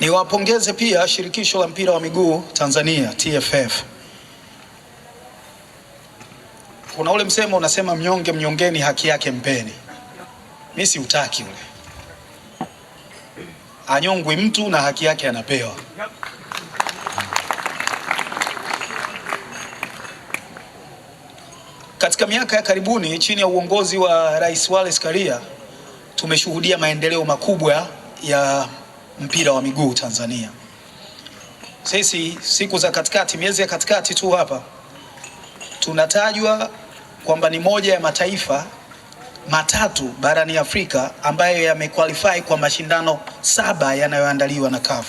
Niwapongeze pia shirikisho la mpira wa miguu Tanzania TFF. Kuna ule msemo unasema, mnyonge mnyongeni, haki yake mpeni. Mimi si utaki ule, anyongwi mtu na haki yake anapewa. Katika miaka ya karibuni chini ya uongozi wa Rais Wallace Karia tumeshuhudia maendeleo makubwa ya mpira wa miguu Tanzania. Sisi siku za katikati, miezi ya katikati tu hapa tunatajwa kwamba ni moja ya mataifa matatu barani Afrika ambayo yamequalify kwa mashindano saba yanayoandaliwa na CAF.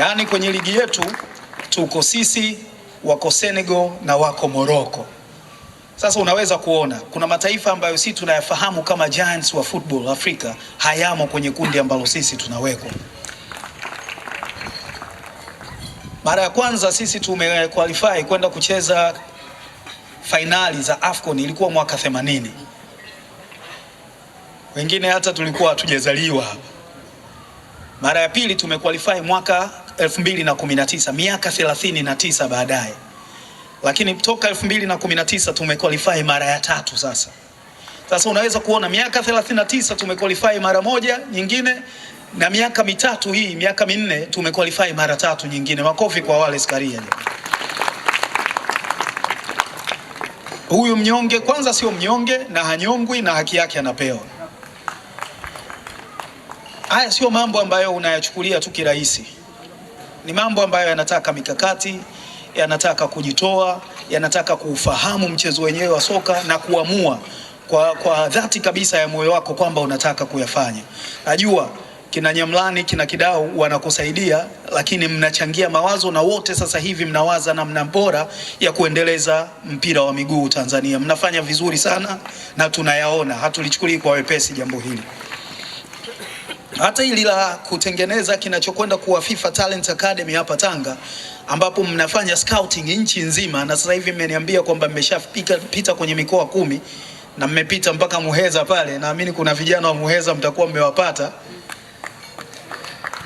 Yaani kwenye ligi yetu tuko sisi, wako Senegal na wako Morocco. Sasa unaweza kuona kuna mataifa ambayo sisi tunayafahamu kama giants wa football Afrika hayamo kwenye kundi ambalo sisi tunawekwa. Mara ya kwanza sisi tumequalify kwenda kucheza fainali za AFCON ilikuwa mwaka 80. Wengine hata tulikuwa hatujazaliwa. Mara ya pili tumequalify mwaka 2019, miaka 39 baadaye lakini toka 2019 tumequalify mara ya tatu sasa. Sasa unaweza kuona miaka 39 tumequalify mara moja nyingine, na miaka mitatu hii miaka minne tumequalify mara tatu nyingine. Makofi kwa Wallace Karia. Huyu mnyonge kwanza sio mnyonge na hanyongwi na haki yake anapewa. Haya sio mambo ambayo unayachukulia tu kirahisi, ni mambo ambayo yanataka mikakati yanataka kujitoa, yanataka kuufahamu mchezo wenyewe wa soka na kuamua kwa, kwa dhati kabisa ya moyo wako kwamba unataka kuyafanya. Najua kina Nyamlani kina Kidau wanakusaidia, lakini mnachangia mawazo na wote sasa hivi mnawaza namna bora ya kuendeleza mpira wa miguu Tanzania. Mnafanya vizuri sana na tunayaona, hatulichukulii kwa wepesi jambo hili hata hili la kutengeneza kinachokwenda kuwa FIFA Talent Academy hapa Tanga, ambapo mnafanya scouting nchi nzima, na sasa hivi mmeniambia kwamba mmeshapita kwenye mikoa kumi na mmepita mpaka Muheza pale. Naamini kuna vijana wa Muheza mtakuwa mmewapata,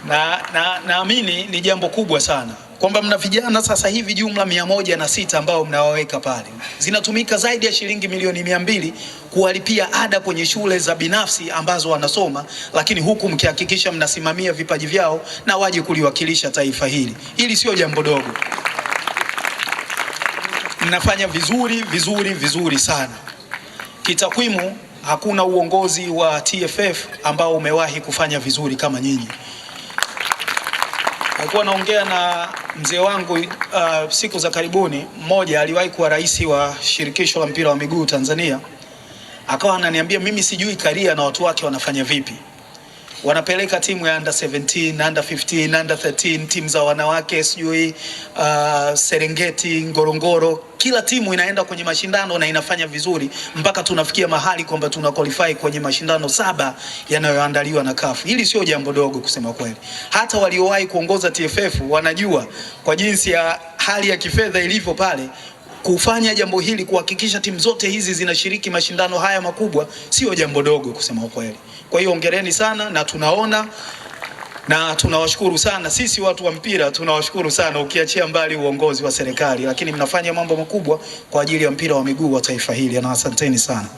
na naamini na ni jambo kubwa sana kwamba mna vijana sasa hivi jumla mia moja na sita ambao mnawaweka pale, zinatumika zaidi ya shilingi milioni mia mbili kuwalipia ada kwenye shule za binafsi ambazo wanasoma, lakini huku mkihakikisha mnasimamia vipaji vyao na waje kuliwakilisha taifa hili. Hili sio jambo dogo, mnafanya vizuri vizuri vizuri sana. Kitakwimu, hakuna uongozi wa TFF ambao umewahi kufanya vizuri kama nyinyi. Alikuwa naongea na mzee wangu uh, siku za karibuni, mmoja aliwahi kuwa rais wa shirikisho la mpira wa miguu Tanzania, akawa ananiambia mimi sijui Karia na watu wake wanafanya vipi wanapeleka timu ya under 17, under 15, under 13, timu za wanawake sijui uh, Serengeti, Ngorongoro, kila timu inaenda kwenye mashindano na inafanya vizuri mpaka tunafikia mahali kwamba tuna qualify kwenye mashindano saba yanayoandaliwa na CAF. Hili sio jambo dogo kusema kweli. Hata waliowahi kuongoza TFF wanajua kwa jinsi ya hali ya kifedha ilivyo pale kufanya jambo hili, kuhakikisha timu zote hizi zinashiriki mashindano haya makubwa, sio jambo dogo kusema ukweli. Kwa hiyo ongereni sana, na tunaona na tunawashukuru sana sisi watu wa mpira, tunawashukuru sana ukiachia mbali uongozi wa serikali, lakini mnafanya mambo makubwa kwa ajili ya mpira wa miguu wa taifa hili, na asanteni sana.